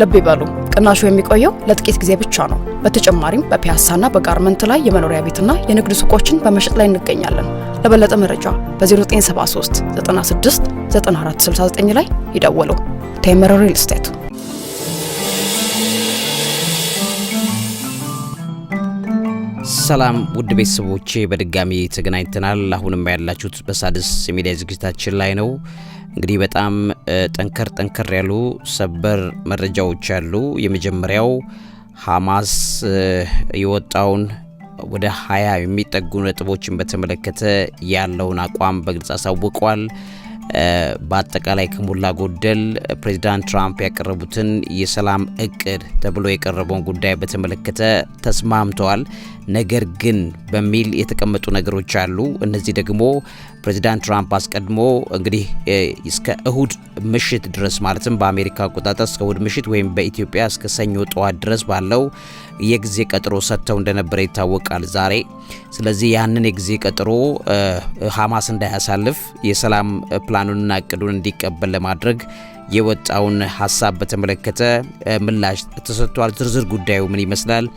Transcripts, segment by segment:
ልብ ይበሉ ቅናሹ የሚቆየው ለጥቂት ጊዜ ብቻ ነው። በተጨማሪም በፒያሳና በጋርመንት ላይ የመኖሪያ ቤትና የንግድ ሱቆችን በመሸጥ ላይ እንገኛለን። ለበለጠ መረጃ በ0973 96 9469 ላይ ይደውሉ። ቴምር ሪል ስቴት ሰላም ውድ ቤተሰቦቼ በድጋሚ ተገናኝተናል። አሁንም ያላችሁት በሳድስ የሚዲያ ዝግጅታችን ላይ ነው። እንግዲህ በጣም ጠንከር ጠንከር ያሉ ሰበር መረጃዎች አሉ። የመጀመሪያው ሐማስ የወጣውን ወደ ሀያ የሚጠጉ ነጥቦችን በተመለከተ ያለውን አቋም በግልጽ አሳውቋል። በአጠቃላይ ከሞላ ጎደል ፕሬዚዳንት ትራምፕ ያቀረቡትን የሰላም እቅድ ተብሎ የቀረበውን ጉዳይ በተመለከተ ተስማምተዋል። ነገር ግን በሚል የተቀመጡ ነገሮች አሉ። እነዚህ ደግሞ ፕሬዚዳንት ትራምፕ አስቀድሞ እንግዲህ እስከ እሁድ ምሽት ድረስ ማለትም በአሜሪካ አቆጣጠር እስከ እሁድ ምሽት ወይም በኢትዮጵያ እስከ ሰኞ ጠዋት ድረስ ባለው የጊዜ ቀጠሮ ሰጥተው እንደነበረ ይታወቃል ዛሬ። ስለዚህ ያንን የጊዜ ቀጠሮ ሀማስ እንዳያሳልፍ የሰላም ፕላኑንና እቅዱን እንዲቀበል ለማድረግ የወጣውን ሀሳብ በተመለከተ ምላሽ ተሰጥቷል። ዝርዝር ጉዳዩ ምን ይመስላል?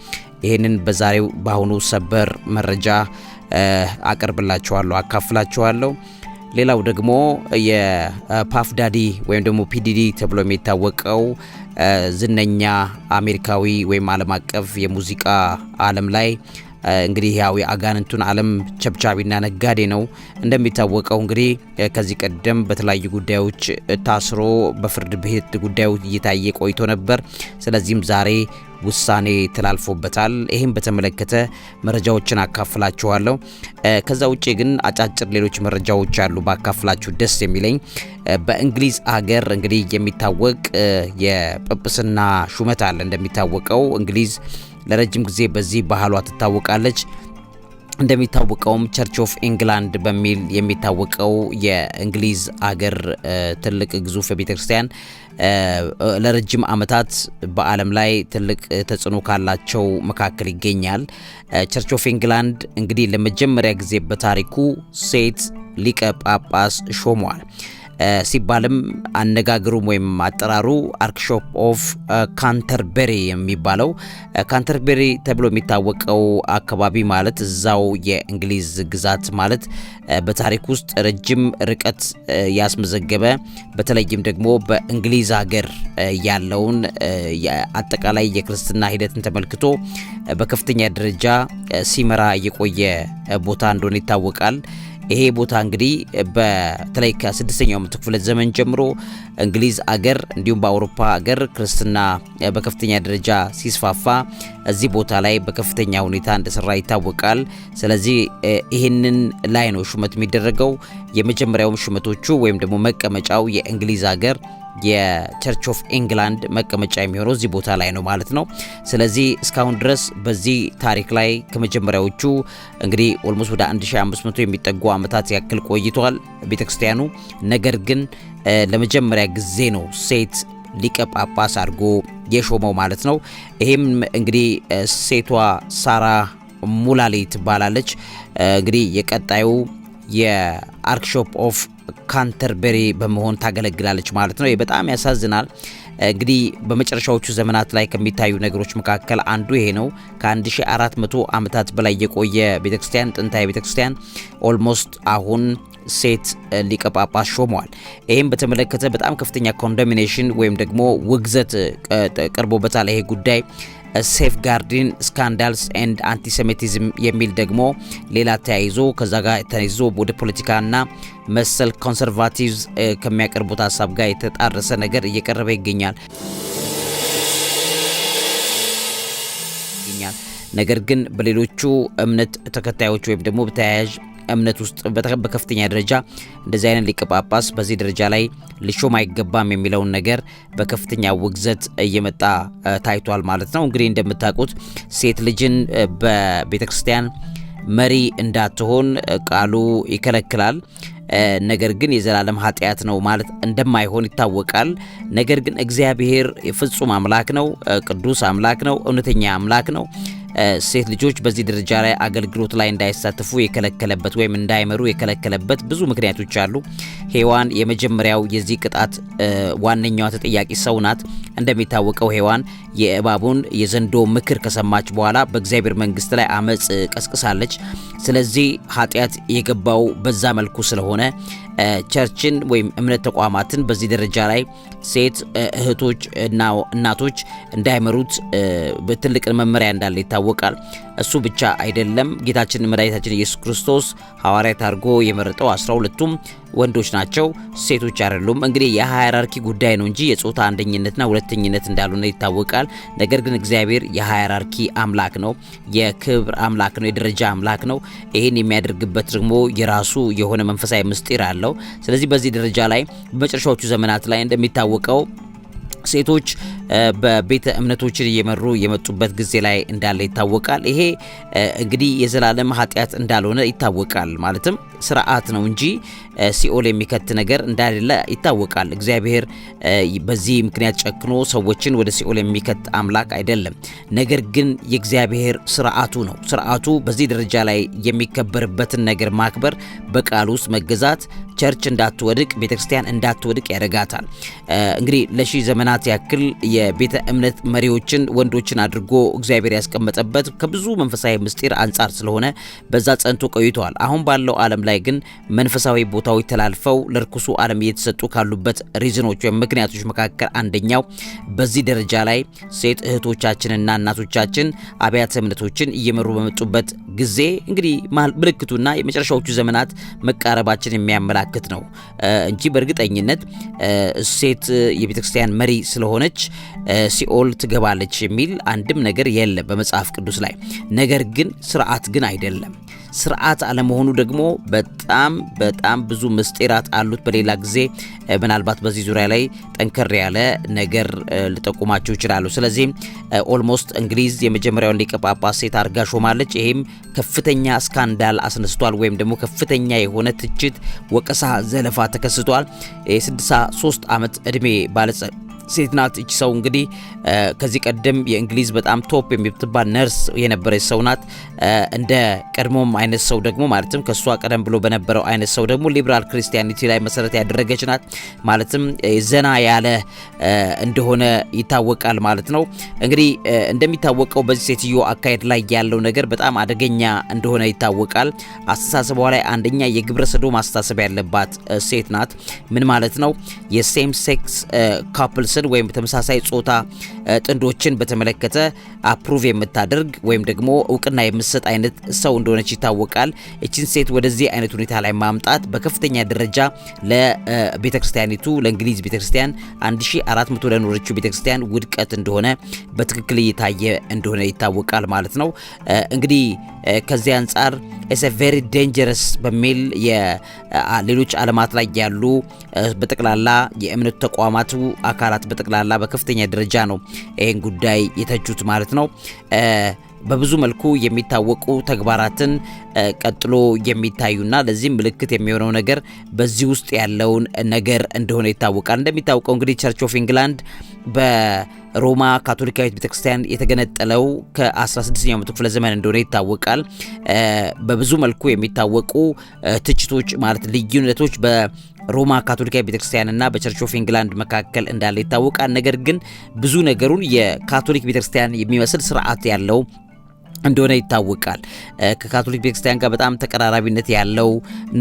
ይህንን በዛሬው በአሁኑ ሰበር መረጃ አቀርብላችኋለሁ፣ አካፍላችኋለሁ። ሌላው ደግሞ የፓፍ ዳዲ ወይም ደግሞ ፒዲዲ ተብሎ የሚታወቀው ዝነኛ አሜሪካዊ ወይም ዓለም አቀፍ የሙዚቃ ዓለም ላይ እንግዲህ ያው የአጋንንቱን ዓለም ቸብቻቢና ነጋዴ ነው። እንደሚታወቀው እንግዲህ ከዚህ ቀደም በተለያዩ ጉዳዮች ታስሮ በፍርድ ቤት ጉዳዩ እየታየ ቆይቶ ነበር። ስለዚህም ዛሬ ውሳኔ ተላልፎበታል። ይህም በተመለከተ መረጃዎችን አካፍላችኋለሁ። ከዛ ውጭ ግን አጫጭር ሌሎች መረጃዎች አሉ ባካፍላችሁ ደስ የሚለኝ በእንግሊዝ አገር እንግዲህ የሚታወቅ የጵጵስና ሹመት አለ። እንደሚታወቀው እንግሊዝ ለረጅም ጊዜ በዚህ ባህሏ ትታወቃለች። እንደሚታወቀውም ቸርች ኦፍ ኢንግላንድ በሚል የሚታወቀው የእንግሊዝ አገር ትልቅ ግዙፍ ቤተ ክርስቲያን ለረጅም ዓመታት በዓለም ላይ ትልቅ ተጽዕኖ ካላቸው መካከል ይገኛል። ቸርች ኦፍ ኢንግላንድ እንግዲህ ለመጀመሪያ ጊዜ በታሪኩ ሴት ሊቀ ጳጳስ ሾሟል። ሲባልም አነጋገሩም ወይም አጠራሩ አርክሾፕ ኦፍ ካንተርበሪ የሚባለው ካንተርበሪ ተብሎ የሚታወቀው አካባቢ ማለት እዛው የእንግሊዝ ግዛት ማለት በታሪክ ውስጥ ረጅም ርቀት ያስመዘገበ በተለይም ደግሞ በእንግሊዝ ሀገር ያለውን አጠቃላይ የክርስትና ሂደትን ተመልክቶ በከፍተኛ ደረጃ ሲመራ የቆየ ቦታ እንደሆነ ይታወቃል። ይሄ ቦታ እንግዲህ በተለይ ከስድስተኛው መቶ ክፍለ ዘመን ጀምሮ እንግሊዝ አገር እንዲሁም በአውሮፓ አገር ክርስትና በከፍተኛ ደረጃ ሲስፋፋ እዚህ ቦታ ላይ በከፍተኛ ሁኔታ እንደሰራ ይታወቃል። ስለዚህ ይህንን ላይ ነው ሹመት የሚደረገው። የመጀመሪያውም ሹመቶቹ ወይም ደግሞ መቀመጫው የእንግሊዝ አገር የቸርች ኦፍ ኢንግላንድ መቀመጫ የሚሆነው እዚህ ቦታ ላይ ነው ማለት ነው። ስለዚህ እስካሁን ድረስ በዚህ ታሪክ ላይ ከመጀመሪያዎቹ እንግዲህ ኦልሞስ ወደ 1500 የሚጠጉ ዓመታት ያክል ቆይቷል ቤተ ክርስቲያኑ። ነገር ግን ለመጀመሪያ ጊዜ ነው ሴት ሊቀ ጳጳስ አድርጎ የሾመው ማለት ነው። ይህም እንግዲህ ሴቷ ሳራ ሙላሌ ትባላለች። እንግዲህ የቀጣዩ የአርክሾፕ ኦፍ ካንተርበሪ በመሆን ታገለግላለች ማለት ነው። በጣም ያሳዝናል። እንግዲህ በመጨረሻዎቹ ዘመናት ላይ ከሚታዩ ነገሮች መካከል አንዱ ይሄ ነው። ከ1400 ዓመታት በላይ የቆየ ቤተክርስቲያን፣ ጥንታዊ ቤተክርስቲያን ኦልሞስት አሁን ሴት ሊቀ ጳጳስ ሾመዋል። ይህም በተመለከተ በጣም ከፍተኛ ኮንዶሚኔሽን ወይም ደግሞ ውግዘት ቀርቦበታል ይሄ ጉዳይ ሴፍጋርድን ስካንዳልስ ኤንድ አንቲሴሚቲዝም የሚል ደግሞ ሌላ ተያይዞ ከዛ ጋር ተይዞ ወደ ፖለቲካና መሰል ኮንሰርቫቲቭስ ከሚያቀርቡት ሀሳብ ጋር የተጣረሰ ነገር እየቀረበ ይገኛል። ነገር ግን በሌሎቹ እምነት ተከታዮች ወይም ደግሞ በተያያዥ እምነት ውስጥ በከፍተኛ ደረጃ እንደዚህ አይነት ሊቀ ጳጳስ በዚህ ደረጃ ላይ ልሾም አይገባም የሚለውን ነገር በከፍተኛ ውግዘት እየመጣ ታይቷል ማለት ነው። እንግዲህ እንደምታውቁት ሴት ልጅን በቤተ ክርስቲያን መሪ እንዳትሆን ቃሉ ይከለክላል። ነገር ግን የዘላለም ኃጢአት ነው ማለት እንደማይሆን ይታወቃል። ነገር ግን እግዚአብሔር ፍጹም አምላክ ነው፣ ቅዱስ አምላክ ነው፣ እውነተኛ አምላክ ነው። ሴት ልጆች በዚህ ደረጃ ላይ አገልግሎት ላይ እንዳይሳተፉ የከለከለበት ወይም እንዳይመሩ የከለከለበት ብዙ ምክንያቶች አሉ። ሔዋን የመጀመሪያው የዚህ ቅጣት ዋነኛዋ ተጠያቂ ሰው ናት። እንደሚታወቀው ሔዋን የእባቡን የዘንዶ ምክር ከሰማች በኋላ በእግዚአብሔር መንግስት ላይ አመፅ ቀስቅሳለች። ስለዚህ ኃጢአት የገባው በዛ መልኩ ስለሆነ ቸርችን ወይም እምነት ተቋማትን በዚህ ደረጃ ላይ ሴት እህቶች እና እናቶች እንዳይመሩት ትልቅ መመሪያ እንዳለ ይታወቃል። እሱ ብቻ አይደለም። ጌታችን መድኃኒታችን ኢየሱስ ክርስቶስ ሐዋርያት አድርጎ የመረጠው አስራ ሁለቱም ወንዶች ናቸው፣ ሴቶች አይደሉም። እንግዲህ የሃይራርኪ ጉዳይ ነው እንጂ የጾታ አንደኝነትና ሁለተኝነት እንዳልሆነ ይታወቃል። ነገር ግን እግዚአብሔር የሃይራርኪ አምላክ ነው፣ የክብር አምላክ ነው፣ የደረጃ አምላክ ነው። ይህን የሚያደርግበት ደግሞ የራሱ የሆነ መንፈሳዊ ምስጢር አለው። ስለዚህ በዚህ ደረጃ ላይ በመጨረሻዎቹ ዘመናት ላይ እንደሚታወቀው ሴቶች በቤተ እምነቶችን እየመሩ የመጡበት ጊዜ ላይ እንዳለ ይታወቃል። ይሄ እንግዲህ የዘላለም ኃጢአት እንዳልሆነ ይታወቃል። ማለትም ስርዓት ነው እንጂ ሲኦል የሚከት ነገር እንዳሌለ ይታወቃል። እግዚአብሔር በዚህ ምክንያት ጨክኖ ሰዎችን ወደ ሲኦል የሚከት አምላክ አይደለም። ነገር ግን የእግዚአብሔር ስርዓቱ ነው። ስርዓቱ በዚህ ደረጃ ላይ የሚከበርበትን ነገር ማክበር፣ በቃል ውስጥ መገዛት፣ ቸርች እንዳትወድቅ፣ ቤተክርስቲያን እንዳትወድቅ ያደርጋታል። እንግዲህ ለሺ ዘመናት ያክል የቤተ እምነት መሪዎችን ወንዶችን አድርጎ እግዚአብሔር ያስቀመጠበት ከብዙ መንፈሳዊ ምስጢር አንጻር ስለሆነ በዛ ጸንቶ ቆይተዋል። አሁን ባለው ዓለም ላይ ግን መንፈሳዊ ቦታዎች ተላልፈው ለርኩሱ ዓለም እየተሰጡ ካሉበት ሪዝኖች ወይም ምክንያቶች መካከል አንደኛው በዚህ ደረጃ ላይ ሴት እህቶቻችንና እናቶቻችን አብያተ እምነቶችን እየመሩ በመጡበት ጊዜ እንግዲህ ምልክቱና የመጨረሻዎቹ ዘመናት መቃረባችን የሚያመላክት ነው እንጂ በእርግጠኝነት ሴት የቤተክርስቲያን መሪ ስለሆነች ሲኦል ትገባለች የሚል አንድም ነገር የለም በመጽሐፍ ቅዱስ ላይ። ነገር ግን ስርዓት ግን አይደለም። ስርዓት አለመሆኑ ደግሞ በጣም በጣም ብዙ ምስጢራት አሉት። በሌላ ጊዜ ምናልባት በዚህ ዙሪያ ላይ ጠንከር ያለ ነገር ልጠቁማቸው ይችላሉ። ስለዚህ ኦልሞስት እንግሊዝ የመጀመሪያውን ሊቀ ጳጳስ ሴት አድርጋ ሾማለች። ይህም ከፍተኛ ስካንዳል አስነስቷል፣ ወይም ደግሞ ከፍተኛ የሆነ ትችት፣ ወቀሳ፣ ዘለፋ ተከስቷል። የ63 ዓመት ዕድሜ ባለጸ ሴት ናት። እች ሰው እንግዲህ ከዚህ ቀደም የእንግሊዝ በጣም ቶፕ የምትባል ነርስ የነበረች ሰው ናት። እንደ ቀድሞም አይነት ሰው ደግሞ ማለትም ከእሷ ቀደም ብሎ በነበረው አይነት ሰው ደግሞ ሊብራል ክርስቲያኒቲ ላይ መሰረት ያደረገች ናት። ማለትም ዘና ያለ እንደሆነ ይታወቃል ማለት ነው። እንግዲህ እንደሚታወቀው በዚህ ሴትዮ አካሄድ ላይ ያለው ነገር በጣም አደገኛ እንደሆነ ይታወቃል። አስተሳሰቧ ላይ አንደኛ የግብረ ሰዶም አስተሳሰብ ያለባት ሴት ናት። ምን ማለት ነው? የሴም ሴክስ ካፕልስ ጥንዶችን ወይም ተመሳሳይ ጾታ ጥንዶችን በተመለከተ አፕሩቭ የምታደርግ ወይም ደግሞ እውቅና የምትሰጥ አይነት ሰው እንደሆነች ይታወቃል። እችን ሴት ወደዚህ አይነት ሁኔታ ላይ ማምጣት በከፍተኛ ደረጃ ለቤተክርስቲያኒቱ ለእንግሊዝ ቤተክርስቲያን 1400 ለኖረችው ቤተክርስቲያን ውድቀት እንደሆነ በትክክል እየታየ እንደሆነ ይታወቃል ማለት ነው። እንግዲህ ከዚህ አንጻር ኢስ ቨሪ ዴንጀረስ በሚል ሌሎች ዓለማት ላይ ያሉ በጠቅላላ የእምነቱ ተቋማቱ አካላት በጠቅላላ በከፍተኛ ደረጃ ነው ይህን ጉዳይ የተቹት ማለት ነው። በብዙ መልኩ የሚታወቁ ተግባራትን ቀጥሎ የሚታዩና ለዚህም ምልክት የሚሆነው ነገር በዚህ ውስጥ ያለውን ነገር እንደሆነ ይታወቃል። እንደሚታወቀው እንግዲህ ቸርች ኦፍ ኢንግላንድ በሮማ ካቶሊካዊት ቤተክርስቲያን የተገነጠለው ከ16ኛው መቶ ክፍለ ዘመን እንደሆነ ይታወቃል። በብዙ መልኩ የሚታወቁ ትችቶች ማለት ልዩነቶች በ ሮማ ካቶሊካዊ ቤተክርስቲያንና በቸርች ኦፍ ኢንግላንድ መካከል እንዳለ ይታወቃል። ነገር ግን ብዙ ነገሩን የካቶሊክ ቤተክርስቲያን የሚመስል ስርዓት ያለው እንደሆነ ይታወቃል። ከካቶሊክ ቤተክርስቲያን ጋር በጣም ተቀራራቢነት ያለው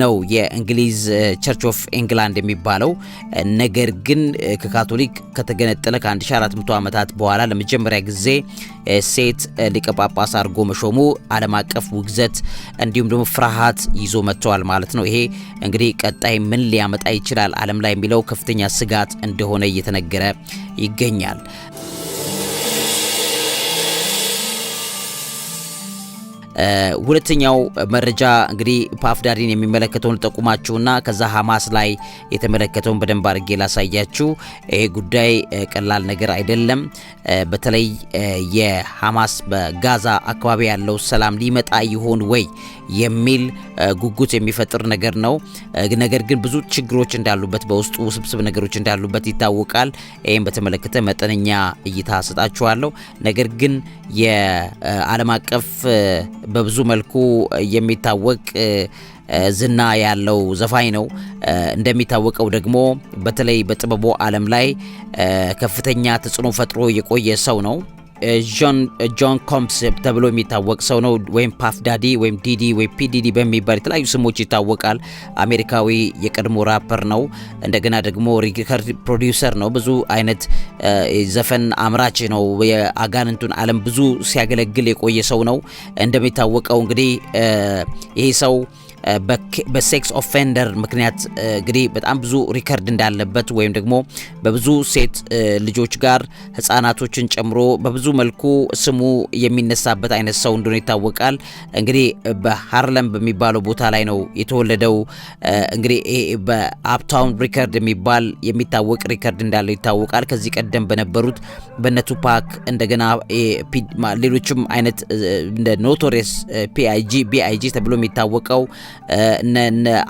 ነው የእንግሊዝ ቸርች ኦፍ ኤንግላንድ የሚባለው። ነገር ግን ከካቶሊክ ከተገነጠለ ከ1400 ዓመታት በኋላ ለመጀመሪያ ጊዜ ሴት ሊቀ ጳጳስ አድርጎ መሾሙ ዓለም አቀፍ ውግዘት እንዲሁም ደግሞ ፍርሃት ይዞ መጥተዋል ማለት ነው። ይሄ እንግዲህ ቀጣይ ምን ሊያመጣ ይችላል ዓለም ላይ የሚለው ከፍተኛ ስጋት እንደሆነ እየተነገረ ይገኛል። ሁለተኛው መረጃ እንግዲህ ፓፍዳሪን የሚመለከተውን ልጠቁማችሁና ከዛ ሀማስ ላይ የተመለከተውን በደንብ አድርጌ ላሳያችሁ። ይሄ ጉዳይ ቀላል ነገር አይደለም። በተለይ የሀማስ በጋዛ አካባቢ ያለው ሰላም ሊመጣ ይሆን ወይ የሚል ጉጉት የሚፈጥር ነገር ነው። ነገር ግን ብዙ ችግሮች እንዳሉበት በውስጡ ውስብስብ ነገሮች እንዳሉበት ይታወቃል። ይህም በተመለከተ መጠነኛ እይታ ሰጣችኋለሁ። ነገር ግን የዓለም አቀፍ በብዙ መልኩ የሚታወቅ ዝና ያለው ዘፋኝ ነው። እንደሚታወቀው ደግሞ በተለይ በጥበቡ ዓለም ላይ ከፍተኛ ተጽዕኖ ፈጥሮ የቆየ ሰው ነው። ጆን ኮምስ ተብሎ የሚታወቅ ሰው ነው። ወይም ፓፍ ዳዲ ወይም ዲዲ ወይም ፒዲዲ በሚባል የተለያዩ ስሞች ይታወቃል። አሜሪካዊ የቀድሞ ራፐር ነው። እንደገና ደግሞ ሪከርድ ፕሮዲውሰር ነው። ብዙ አይነት ዘፈን አምራች ነው። የአጋንንቱን ዓለም ብዙ ሲያገለግል የቆየ ሰው ነው። እንደሚታወቀው እንግዲህ ይሄ ሰው በሴክስ ኦፌንደር ምክንያት እንግዲህ በጣም ብዙ ሪከርድ እንዳለበት ወይም ደግሞ በብዙ ሴት ልጆች ጋር ህጻናቶችን ጨምሮ በብዙ መልኩ ስሙ የሚነሳበት አይነት ሰው እንደሆነ ይታወቃል። እንግዲህ በሃርለም በሚባለው ቦታ ላይ ነው የተወለደው። እንግዲህ በአፕታውን ሪከርድ የሚባል የሚታወቅ ሪከርድ እንዳለው ይታወቃል። ከዚህ ቀደም በነበሩት በነ ቱፓክ እንደገና ሌሎችም አይነት እንደ ኖቶሪየስ ፒአይጂ ቢአይጂ ተብሎ የሚታወቀው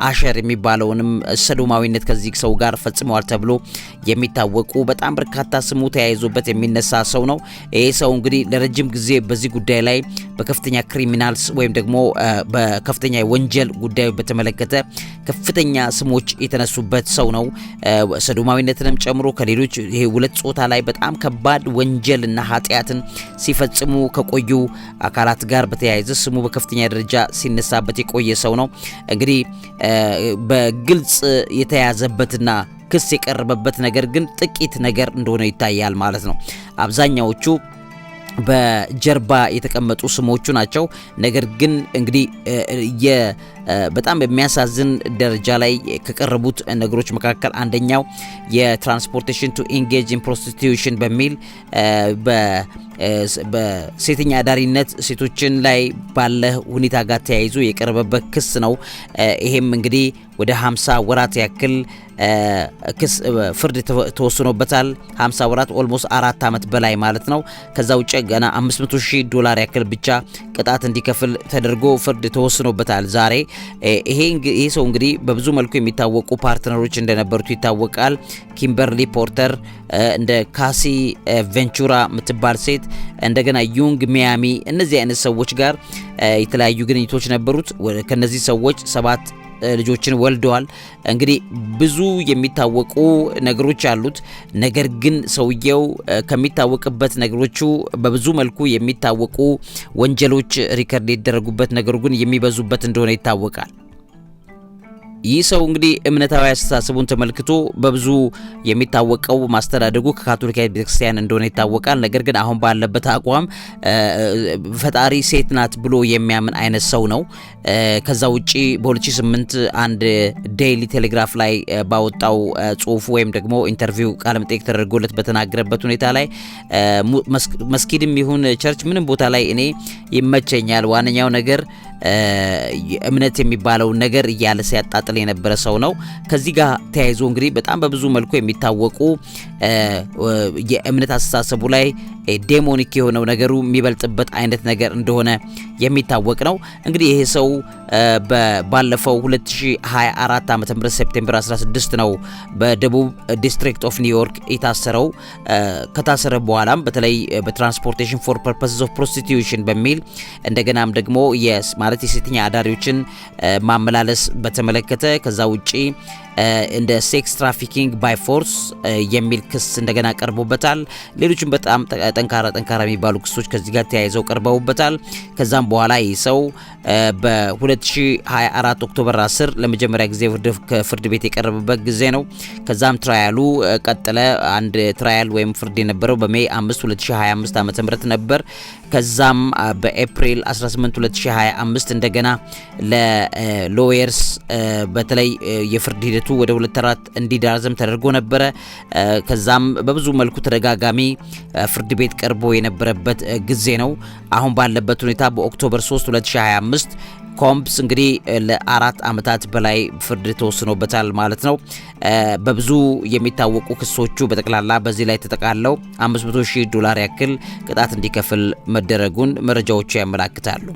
አሸር የሚባለውንም ሰዶማዊነት ከዚህ ሰው ጋር ፈጽመዋል ተብሎ የሚታወቁ በጣም በርካታ ስሙ ተያይዞበት የሚነሳ ሰው ነው። ይሄ ሰው እንግዲህ ለረጅም ጊዜ በዚህ ጉዳይ ላይ በከፍተኛ ክሪሚናልስ ወይም ደግሞ በከፍተኛ የወንጀል ጉዳዩ በተመለከተ ከፍተኛ ስሞች የተነሱበት ሰው ነው። ሰዶማዊነትንም ጨምሮ ከሌሎች ይሄ ሁለት ጾታ ላይ በጣም ከባድ ወንጀልና ኃጢአትን ሲፈጽሙ ከቆዩ አካላት ጋር በተያያዘ ስሙ በከፍተኛ ደረጃ ሲነሳበት የቆየ ሰው ነው። እንግዲህ በግልጽ የተያዘበትና ክስ የቀረበበት ነገር ግን ጥቂት ነገር እንደሆነ ይታያል ማለት ነው። አብዛኛዎቹ በጀርባ የተቀመጡ ስሞቹ ናቸው። ነገር ግን እንግዲህ በጣም በሚያሳዝን ደረጃ ላይ ከቀረቡት ነገሮች መካከል አንደኛው የትራንስፖርቴሽን ቱ ኢንጌጅ ኢን ፕሮስቲቱሽን በሚል በሴተኛ አዳሪነት ሴቶችን ላይ ባለ ሁኔታ ጋር ተያይዞ የቀረበበት ክስ ነው። ይሄም እንግዲህ ወደ 50 ወራት ያክል ክስ ፍርድ ተወስኖበታል። 50 ወራት ኦልሞስት አራት ዓመት በላይ ማለት ነው። ከዛ ውጭ ገና 500 ሺህ ዶላር ያክል ብቻ ቅጣት እንዲከፍል ተደርጎ ፍርድ ተወስኖበታል ዛሬ Eh, ይሄ ይሄ ሰው እንግዲህ በብዙ መልኩ የሚታወቁ ፓርትነሮች እንደነበሩት ይታወቃል። ኪምበርሊ ፖርተር፣ እንደ ካሲ ቬንቹራ የምትባል ሴት፣ እንደገና ዩንግ ሚያሚ፣ እነዚህ አይነት ሰዎች ጋር የተለያዩ ግንኙቶች ነበሩት። ከነዚህ ሰዎች ሰባት ልጆችን ወልደዋል። እንግዲህ ብዙ የሚታወቁ ነገሮች አሉት። ነገር ግን ሰውየው ከሚታወቅበት ነገሮቹ በብዙ መልኩ የሚታወቁ ወንጀሎች ሪከርድ የተደረጉበት ነገሩ ግን የሚበዙበት እንደሆነ ይታወቃል። ይህ ሰው እንግዲህ እምነታዊ አስተሳሰቡን ተመልክቶ በብዙ የሚታወቀው ማስተዳደጉ ከካቶሊካዊት ቤተክርስቲያን እንደሆነ ይታወቃል። ነገር ግን አሁን ባለበት አቋም ፈጣሪ ሴት ናት ብሎ የሚያምን አይነት ሰው ነው። ከዛ ውጭ በ2008 አንድ ዴይሊ ቴሌግራፍ ላይ ባወጣው ጽሁፉ ወይም ደግሞ ኢንተርቪው ቃለመጠይቅ ተደርጎለት በተናገረበት ሁኔታ ላይ መስጊድም ይሁን ቸርች ምንም ቦታ ላይ እኔ ይመቸኛል ዋነኛው ነገር እምነት የሚባለውን ነገር እያለ ሲያጣጥል የነበረ ሰው ነው። ከዚህ ጋር ተያይዞ እንግዲህ በጣም በብዙ መልኩ የሚታወቁ የእምነት አስተሳሰቡ ላይ ዴሞኒክ የሆነው ነገሩ የሚበልጥበት አይነት ነገር እንደሆነ የሚታወቅ ነው። እንግዲህ ይሄ ሰው ባለፈው 2024 ም ሴፕቴምበር 16 ነው በደቡብ ዲስትሪክት ኦፍ ኒውዮርክ የታሰረው። ከታሰረ በኋላም በተለይ በትራንስፖርቴሽን ፎር ፐርፐስ ኦፍ ፕሮስቲቱሽን በሚል እንደገናም ደግሞ ማለት የሴተኛ አዳሪዎችን ማመላለስ በተመለከተ ከዛ ውጪ እንደ ሴክስ ትራፊኪንግ ባይ ፎርስ የሚል ክስ እንደገና ቀርቦበታል። ሌሎችም በጣም ጠንካራ ጠንካራ የሚባሉ ክሶች ከዚህ ጋር ተያይዘው ቀርበውበታል። ከዛም በኋላ ይህ ሰው uh, በ2024 ኦክቶበር 10 ለመጀመሪያ ጊዜ ፍርድ ቤት የቀረበበት ጊዜ ነው። ከዛም ትራያሉ uh, ቀጠለ። አንድ ትራያል ወይም ፍርድ የነበረው በሜይ 5 2025 ዓ ም ነበር። ከዛም uh, በኤፕሪል 18 2025 እንደገና ለሎየርስ በተለይ የፍርድ ሂደቱ ወደ ሁለት አራት እንዲዳዘም ተደርጎ ነበረ። ከዛም በብዙ መልኩ ተደጋጋሚ ፍርድ ቤት ቀርቦ የነበረበት ጊዜ ነው። አሁን ባለበት ሁኔታ በኦክቶበር 3 2025 ኮምፕስ እንግዲህ ለአራት ዓመታት በላይ ፍርድ ተወስኖበታል ማለት ነው። በብዙ የሚታወቁ ክሶቹ በጠቅላላ በዚህ ላይ ተጠቃለው 500 ሺህ ዶላር ያክል ቅጣት እንዲከፍል መደረጉን መረጃዎቹ ያመላክታሉ።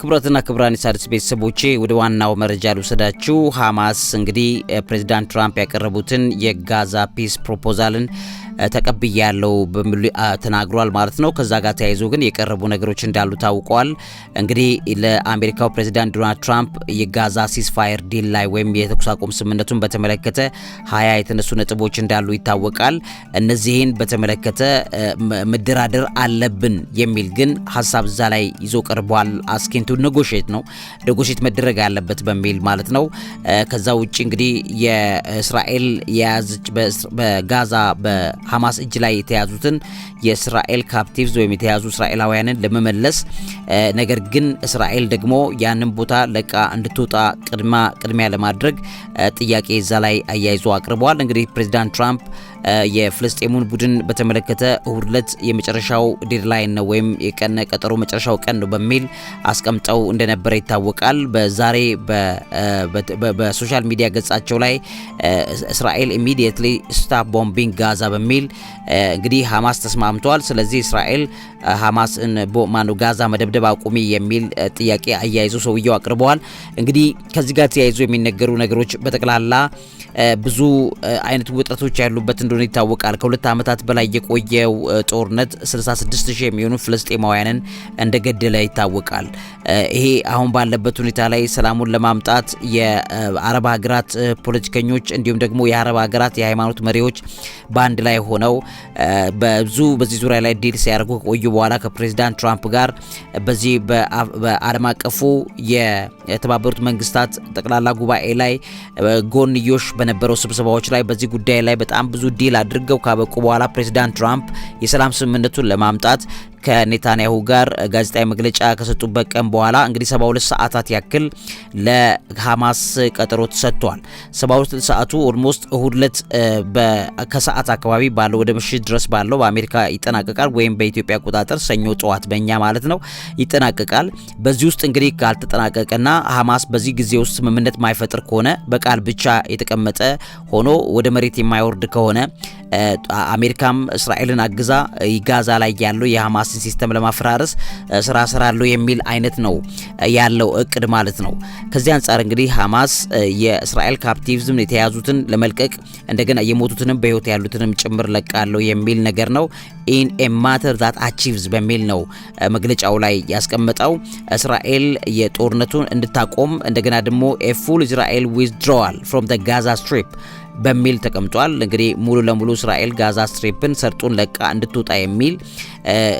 ክቡራትና ክቡራን የሣድስ ቤተሰቦቼ ወደ ዋናው መረጃ ልውሰዳችሁ። ሐማስ እንግዲህ ፕሬዚዳንት ትራምፕ ያቀረቡትን የጋዛ ፒስ ፕሮፖዛልን ተቀብያለው በሚል ተናግሯል ማለት ነው። ከዛ ጋር ተያይዞ ግን የቀረቡ ነገሮች እንዳሉ ታውቋል። እንግዲህ ለአሜሪካው ፕሬዚዳንት ዶናልድ ትራምፕ የጋዛ ሲስፋየር ዲል ላይ ወይም የተኩስ አቁም ስምምነቱን በተመለከተ ሀያ የተነሱ ነጥቦች እንዳሉ ይታወቃል። እነዚህን በተመለከተ መደራደር አለብን የሚል ግን ሀሳብ እዛ ላይ ይዞ ቀርቧል። አስኪንቱ ነጎሼት ነው ነጎሼት መደረግ ያለበት በሚል ማለት ነው። ከዛ ውጭ እንግዲህ የእስራኤል የያዘች በጋዛ ሐማስ እጅ ላይ የተያዙትን የእስራኤል ካፕቲቭዝ ወይም የተያዙ እስራኤላውያንን ለመመለስ ነገር ግን እስራኤል ደግሞ ያንን ቦታ ለቃ እንድትወጣ ቅድማ ቅድሚያ ለማድረግ ጥያቄ እዛ ላይ አያይዞ አቅርበዋል። እንግዲህ ፕሬዚዳንት ትራምፕ የፍልስጤሙን ቡድን በተመለከተ እሁድ ዕለት የመጨረሻው ዴድላይን ነው ወይም የቀነ ቀጠሮ መጨረሻው ቀን ነው በሚል አስቀምጠው እንደነበረ ይታወቃል። በዛሬ በሶሻል ሚዲያ ገጻቸው ላይ እስራኤል ኢሚዲየትሊ ስታፕ ቦምቢንግ ጋዛ በሚል እንግዲህ ሀማስ ተስማምተዋል። ስለዚህ እስራኤል ሐማስን ቦማኑ ጋዛ መደብደብ አቁሚ የሚል ጥያቄ አያይዞ ሰውየው አቅርበዋል። እንግዲህ ከዚህ ጋር ተያይዞ የሚነገሩ ነገሮች በጠቅላላ ብዙ አይነት ውጥረቶች ያሉበት እንደሆነ ይታወቃል። ከሁለት ዓመታት በላይ የቆየው ጦርነት 66 ሺህ የሚሆኑ ፍልስጤማውያንን እንደገደለ ይታወቃል። ይሄ አሁን ባለበት ሁኔታ ላይ ሰላሙን ለማምጣት የአረብ ሀገራት ፖለቲከኞች እንዲሁም ደግሞ የአረብ ሀገራት የሃይማኖት መሪዎች በአንድ ላይ ሆነው በብዙ በዚህ ዙሪያ ላይ ዲል ሲያደርጉ ከቆዩ በኋላ ከፕሬዚዳንት ትራምፕ ጋር በዚህ በዓለም አቀፉ የተባበሩት መንግስታት ጠቅላላ ጉባኤ ላይ ጎንዮሽ በነበረው ስብሰባዎች ላይ በዚህ ጉዳይ ላይ በጣም ብዙ ዲል አድርገው ካበቁ በኋላ ፕሬዚዳንት ትራምፕ የሰላም ስምምነቱን ለማምጣት ከኔታንያሁ ጋር ጋዜጣዊ መግለጫ ከሰጡበት ቀን በኋላ እንግዲህ 72 ሰዓታት ያክል ለሐማስ ቀጠሮ ተሰጥቷል። 72 ሰዓቱ ኦልሞስት እሁድ ዕለት ከሰዓት አካባቢ ባለው ወደ ምሽት ድረስ ባለው በአሜሪካ ይጠናቀቃል፣ ወይም በኢትዮጵያ አቆጣጠር ሰኞ ጠዋት በእኛ ማለት ነው ይጠናቀቃል። በዚህ ውስጥ እንግዲህ ካልተጠናቀቀና ሐማስ በዚህ ጊዜ ውስጥ ስምምነት ማይፈጥር ከሆነ በቃል ብቻ የተቀመጠ ሆኖ ወደ መሬት የማይወርድ ከሆነ አሜሪካም እስራኤልን አግዛ ጋዛ ላይ ያለው የሐማስ የሐማስን ሲስተም ለማፈራረስ ስራ ሰራለሁ የሚል አይነት ነው ያለው እቅድ ማለት ነው። ከዚህ አንጻር እንግዲህ ሃማስ የእስራኤል ካፕቲቭዝም የተያዙትን ለመልቀቅ እንደገና የሞቱትንም በህይወት ያሉትንም ጭምር ለቃለሁ የሚል ነገር ነው ኢን ኤ ማተር ዛት አቺቭዝ በሚል ነው መግለጫው ላይ ያስቀመጠው። እስራኤል የጦርነቱን እንድታቆም እንደገና ደግሞ ፉል እስራኤል ዊዝድሮዋል ፍሮም ጋዛ ስትሪፕ በሚል ተቀምጧል። እንግዲህ ሙሉ ለሙሉ እስራኤል ጋዛ ስትሪፕን ሰርጡን ለቃ እንድትወጣ የሚል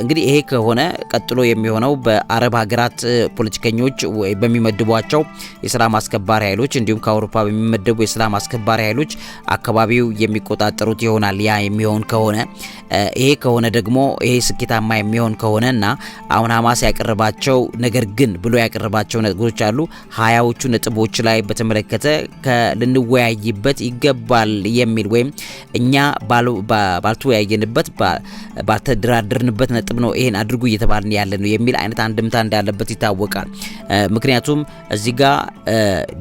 እንግዲህ ይሄ ከሆነ ቀጥሎ የሚሆነው በአረብ ሀገራት ፖለቲከኞች በሚመድቧቸው የሰላም አስከባሪ ኃይሎች እንዲሁም ከአውሮፓ በሚመደቡ የሰላም አስከባሪ ኃይሎች አካባቢው የሚቆጣጠሩት ይሆናል። ያ የሚሆን ከሆነ ይሄ ከሆነ ደግሞ ይሄ ስኬታማ የሚሆን ከሆነ እና አሁን ሀማስ ያቀረባቸው ነገር ግን ብሎ ያቀረባቸው ነጥቦች አሉ። ሀያዎቹ ነጥቦች ላይ በተመለከተ ልንወያይበት ይገባል የሚል ወይም እኛ ባልተወያየንበት ባልተደራደርን በሚሆንበት ነጥብ ነው ይሄን አድርጉ እየተባልን ያለ ነው የሚል አይነት አንድምታ እንዳለበት ይታወቃል። ምክንያቱም እዚህ ጋር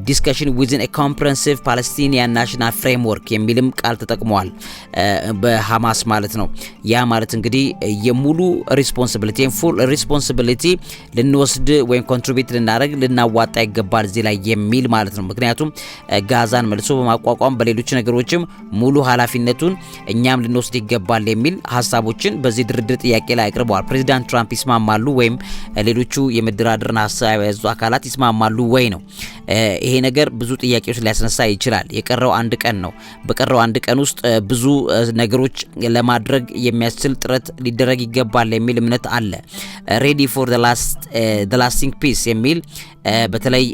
ዲስከሽን ዊዝን ኤ ኮምፕረንሲቭ ፓለስቲኒያን ናሽናል ፍሬምወርክ የሚልም ቃል ተጠቅመዋል በሐማስ ማለት ነው። ያ ማለት እንግዲህ የሙሉ ሪስፖንሲቢሊቲ ፉል ሪስፖንሲቢሊቲ ልንወስድ ወይም ኮንትሪቢዩት ልናደርግ ልናዋጣ ይገባል እዚህ ላይ የሚል ማለት ነው። ምክንያቱም ጋዛን መልሶ በማቋቋም በሌሎች ነገሮችም ሙሉ ኃላፊነቱን እኛም ልንወስድ ይገባል የሚል ሀሳቦችን በዚህ ድርድር ጥያቄ ጥያቄ ላይ አቅርበዋል። ፕሬዚዳንት ትራምፕ ይስማማሉ ወይም ሌሎቹ የመደራደርን ሀሳብ የያዙ አካላት ይስማማሉ ወይ ነው። ይሄ ነገር ብዙ ጥያቄዎች ሊያስነሳ ይችላል። የቀረው አንድ ቀን ነው። በቀረው አንድ ቀን ውስጥ ብዙ ነገሮች ለማድረግ የሚያስችል ጥረት ሊደረግ ይገባል የሚል እምነት አለ። ሬዲ ፎር ዘ ላስቲንግ ፒስ የሚል በተለይ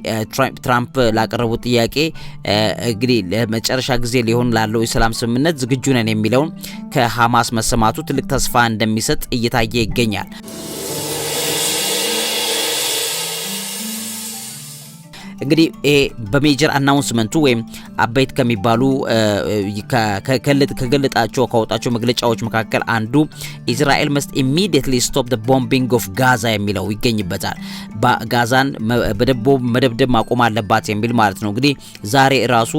ትራምፕ ላቀረቡት ጥያቄ እንግዲህ ለመጨረሻ ጊዜ ሊሆን ላለው የሰላም ስምምነት ዝግጁ ነን የሚለውን ከሀማስ መሰማቱ ትልቅ ተስፋ እንደሚሰጥ እየታየ ይገኛል። እንግዲህ በሜጀር አናውንስመንቱ ወይም አበይት ከሚባሉ ከገለጣቸው ካወጣቸው መግለጫዎች መካከል አንዱ ኢዝራኤል መስት ኢሚዲየትሊ ስቶፕ ቦምቢንግ ኦፍ ጋዛ የሚለው ይገኝበታል። ጋዛን በደቦ መደብደብ ማቆም አለባት የሚል ማለት ነው። እንግዲህ ዛሬ ራሱ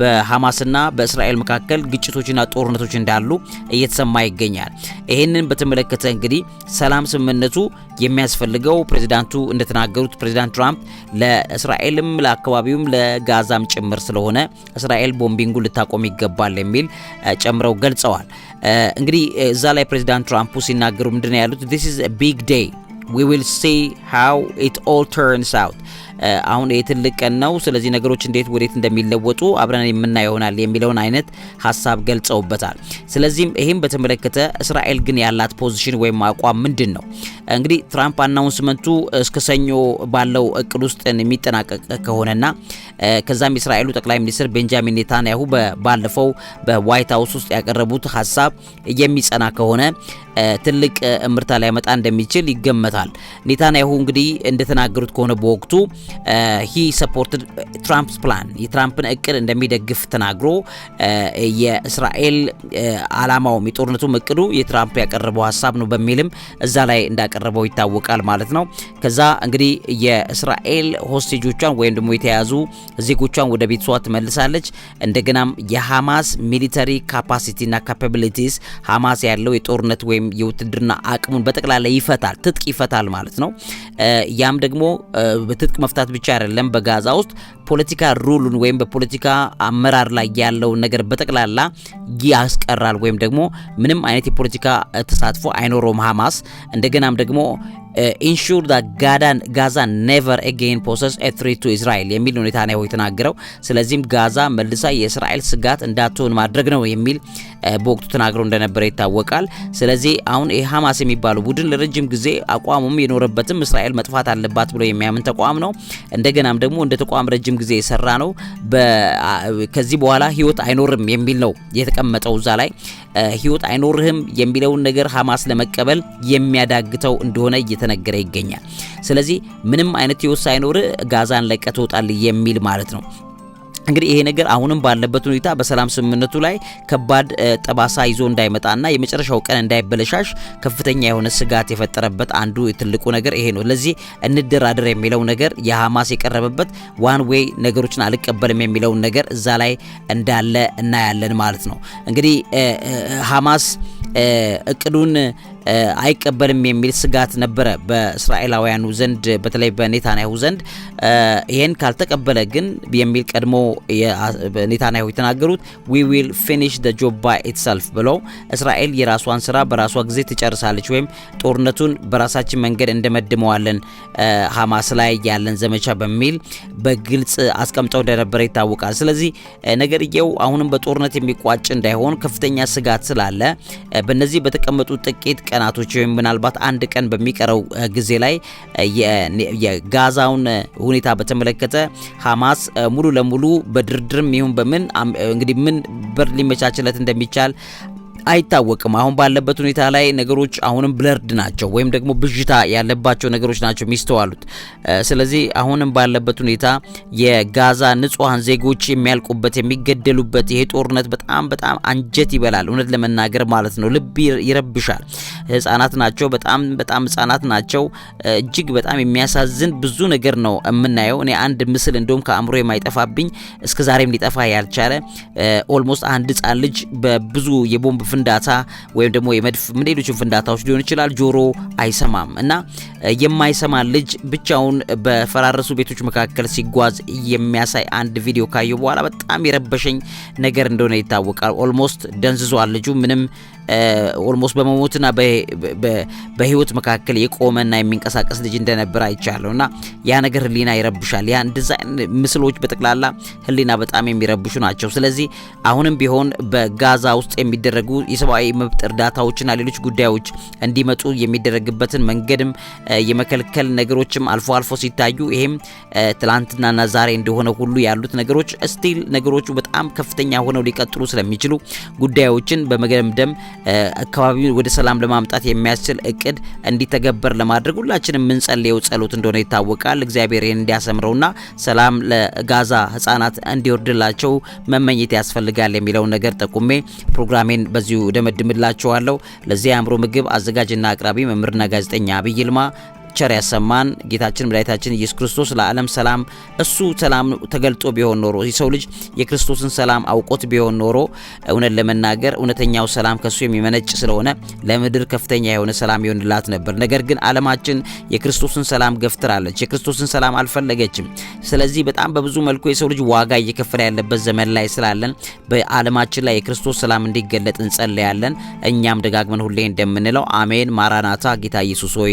በሐማስና በእስራኤል መካከል ግጭቶችና ጦርነቶች እንዳሉ እየተሰማ ይገኛል። ይህንን በተመለከተ እንግዲህ ሰላም ስምምነቱ የሚያስፈልገው ፕሬዚዳንቱ እንደተናገሩት ፕሬዚዳንት ትራምፕ ለእስራኤልም ለአካባቢውም ለጋዛም ጭምር ስለሆነ እስራኤል ቦምቢንጉ ልታቆም ይገባል የሚል ጨምረው ገልጸዋል። እንግዲህ እዛ ላይ ፕሬዚዳንት ትራምፑ ሲናገሩ ምንድነው ያሉት? ዲስ ኢዝ ቢግ ዴይ ዊ ዊል ሲ ሃው ኢት ኦል ተርንስ አውት አሁን የትልቅ ቀን ነው። ስለዚህ ነገሮች እንዴት ወዴት እንደሚለወጡ አብረን የምና ይሆናል የሚለውን አይነት ሀሳብ ገልጸውበታል። ስለዚህም ይህም በተመለከተ እስራኤል ግን ያላት ፖዚሽን ወይም አቋም ምንድን ነው? እንግዲህ ትራምፕ አናውንስመንቱ እስከ ሰኞ ባለው እቅድ ውስጥ የሚጠናቀቅ ከሆነና ከዛም የእስራኤሉ ጠቅላይ ሚኒስትር ቤንጃሚን ኔታንያሁ ባለፈው በዋይት ሀውስ ውስጥ ያቀረቡት ሀሳብ የሚጸና ከሆነ ትልቅ እምርታ ሊያመጣ እንደሚችል ይገመታል። ኔታንያሁ እንግዲህ እንደተናገሩት ከሆነ በወቅቱ ሂ ሰፖርትድ ትራምፕስ ፕላን የትራምፕን እቅድ እንደሚደግፍ ተናግሮ uh, የእስራኤል አላማውም uh, የጦርነቱም እቅዱ የትራምፕ ያቀረበው ሀሳብ ነው በሚልም እዛ ላይ እንዳቀረበው ይታወቃል ማለት ነው። ከዛ እንግዲህ የእስራኤል ሆስቴጆቿን ወይም ደግሞ የተያዙ ዜጎቿን ወደ ቤተሰዋ ትመልሳለች። እንደገናም የሀማስ ሚሊተሪ ካፓሲቲና ካፓቢሊቲስ ሃማስ ያለው የጦርነት ወይም የውትድርና አቅሙን በጠቅላላ ይፈታል፣ ትጥቅ ይፈታል ማለት ነው። uh, ያም ደግሞ በትጥቅ መፍታት ብቻ አይደለም በጋዛ ውስጥ በፖለቲካ ሩሉን ወይም በፖለቲካ አመራር ላይ ያለውን ነገር በጠቅላላ ያስቀራል ወይም ደግሞ ምንም አይነት የፖለቲካ ተሳትፎ አይኖረውም ሀማስ። እንደገናም ደግሞ ኢንሹር ጋዛ ኔቨር ኤጌን ፖሰስ ኤትሪት ቱ እስራኤል የሚል ነው የተናገረው። ስለዚህም ጋዛ መልሳ የእስራኤል ስጋት እንዳትሆን ማድረግ ነው የሚል uh, በወቅቱ ተናግሮ እንደነበረ ይታወቃል። ስለዚህ አሁን ሀማስ የሚባለው ቡድን ለረጅም ጊዜ አቋሙም የኖረበትም እስራኤል መጥፋት አለባት ብሎ የሚያምን ተቋም ነው። እንደገናም ደግሞ እንደ ተቋም ረጅም ለረጅም ጊዜ የሰራ ነው። ከዚህ በኋላ ህይወት አይኖርም የሚል ነው የተቀመጠው እዛ ላይ ህይወት አይኖርህም የሚለውን ነገር ሀማስ ለመቀበል የሚያዳግተው እንደሆነ እየተነገረ ይገኛል። ስለዚህ ምንም አይነት ህይወት ሳይኖር ጋዛን ለቀ ትወጣል የሚል ማለት ነው። እንግዲህ ይሄ ነገር አሁንም ባለበት ሁኔታ በሰላም ስምምነቱ ላይ ከባድ ጠባሳ ይዞ እንዳይመጣና የመጨረሻው ቀን እንዳይበለሻሽ ከፍተኛ የሆነ ስጋት የፈጠረበት አንዱ ትልቁ ነገር ይሄ ነው። ለዚህ እንደራደር የሚለው ነገር የሐማስ የቀረበበት ዋን ዌይ ነገሮችን አልቀበልም የሚለውን ነገር እዛ ላይ እንዳለ እናያለን ማለት ነው። እንግዲህ ሐማስ እቅዱን አይቀበልም የሚል ስጋት ነበረ በእስራኤላውያኑ ዘንድ በተለይ በኔታንያሁ ዘንድ። ይህን ካልተቀበለ ግን የሚል ቀድሞ ኔታንያሁ የተናገሩት ዊ ዊል ፊኒሽ ደ ጆብ ባይ ኢትሰልፍ ብለው እስራኤል የራሷን ስራ በራሷ ጊዜ ትጨርሳለች ወይም ጦርነቱን በራሳችን መንገድ እንደመድመዋለን ሀማስ ላይ ያለን ዘመቻ በሚል በግልጽ አስቀምጠው እንደነበረ ይታወቃል። ስለዚህ ነገርየው አሁንም በጦርነት የሚቋጭ እንዳይሆን ከፍተኛ ስጋት ስላለ በነዚህ በተቀመጡ ጥቂት ቀናቶች ወይም ምናልባት አንድ ቀን በሚቀረው ጊዜ ላይ የጋዛውን ሁኔታ በተመለከተ ሐማስ ሙሉ ለሙሉ በድርድርም ይሁን በምን እንግዲህ ምን በር ሊመቻችለት እንደሚቻል አይታወቅም። አሁን ባለበት ሁኔታ ላይ ነገሮች አሁንም ብለርድ ናቸው ወይም ደግሞ ብዥታ ያለባቸው ነገሮች ናቸው የሚስተዋሉት። ስለዚህ አሁንም ባለበት ሁኔታ የጋዛ ንጹሐን ዜጎች የሚያልቁበት የሚገደሉበት ይሄ ጦርነት በጣም በጣም አንጀት ይበላል፣ እውነት ለመናገር ማለት ነው። ልብ ይረብሻል። ህጻናት ናቸው፣ በጣም በጣም ህጻናት ናቸው። እጅግ በጣም የሚያሳዝን ብዙ ነገር ነው የምናየው። እኔ አንድ ምስል እንደውም ከአእምሮ የማይጠፋብኝ እስከዛሬም ሊጠፋ ያልቻለ ኦልሞስት አንድ ህጻን ልጅ በብዙ የቦምብ ፍንዳታ ወይም ደግሞ የመድፍ ምን ሌሎችም ፍንዳታዎች ሊሆን ይችላል። ጆሮ አይሰማም እና የማይሰማ ልጅ ብቻውን በፈራረሱ ቤቶች መካከል ሲጓዝ የሚያሳይ አንድ ቪዲዮ ካየሁ በኋላ በጣም የረበሸኝ ነገር እንደሆነ ይታወቃል። ኦልሞስት ደንዝዟል ልጁ ምንም ኦልሞስት በመሞትና በህይወት መካከል የቆመና የሚንቀሳቀስ ልጅ እንደነበር አይቻለሁ። እና ያ ነገር ህሊና ይረብሻል። ያ ዲዛይን ምስሎች በጠቅላላ ህሊና በጣም የሚረብሹ ናቸው። ስለዚህ አሁንም ቢሆን በጋዛ ውስጥ የሚደረጉ የሰብአዊ መብት እርዳታዎችና ሌሎች ጉዳዮች እንዲመጡ የሚደረግበትን መንገድም የመከልከል ነገሮችም አልፎ አልፎ ሲታዩ ይሄም ትላንትናና ዛሬ እንደሆነ ሁሉ ያሉት ነገሮች ስቲል ነገሮቹ በጣም ከፍተኛ ሆነው ሊቀጥሉ ስለሚችሉ ጉዳዮችን በመገምደም አካባቢውን ወደ ሰላም ለማምጣት የሚያስችል እቅድ እንዲተገበር ለማድረግ ሁላችንም የምንጸልየው ጸሎት እንደሆነ ይታወቃል። እግዚአብሔር ይህን እንዲያሰምረውና ሰላም ለጋዛ ህጻናት እንዲወርድላቸው መመኘት ያስፈልጋል የሚለውን ነገር ጠቁሜ ፕሮግራሜን በዚሁ ደመድምላችኋለሁ። ለዚህ የአእምሮ ምግብ አዘጋጅና አቅራቢ መምህርና ጋዜጠኛ አብይ ይልማ ቸር ያሰማን። ጌታችን መድኃኒታችን ኢየሱስ ክርስቶስ ለዓለም ሰላም እሱ ሰላም ተገልጦ ቢሆን ኖሮ የሰው ልጅ የክርስቶስን ሰላም አውቆት ቢሆን ኖሮ እውነት ለመናገር እውነተኛው ሰላም ከሱ የሚመነጭ ስለሆነ ለምድር ከፍተኛ የሆነ ሰላም ይሆንላት ነበር። ነገር ግን ዓለማችን የክርስቶስን ሰላም ገፍትራለች፣ የክርስቶስን ሰላም አልፈለገችም። ስለዚህ በጣም በብዙ መልኩ የሰው ልጅ ዋጋ እየከፈለ ያለበት ዘመን ላይ ስላለን በዓለማችን ላይ የክርስቶስ ሰላም እንዲገለጥ እንጸለያለን። እኛም ደጋግመን ሁሌ እንደምንለው አሜን ማራናታ ጌታ ኢየሱስ ሆይ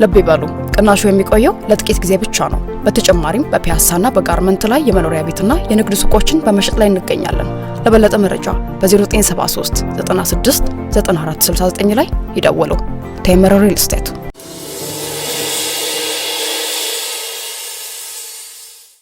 ልብ ይበሉ ቅናሹ የሚቆየው ለጥቂት ጊዜ ብቻ ነው። በተጨማሪም በፒያሳና በጋርመንት ላይ የመኖሪያ ቤትና የንግድ ሱቆችን በመሸጥ ላይ እንገኛለን። ለበለጠ መረጃ በ0973 96 9469 ላይ ይደውሉ። ቴምር ሪል ስቴት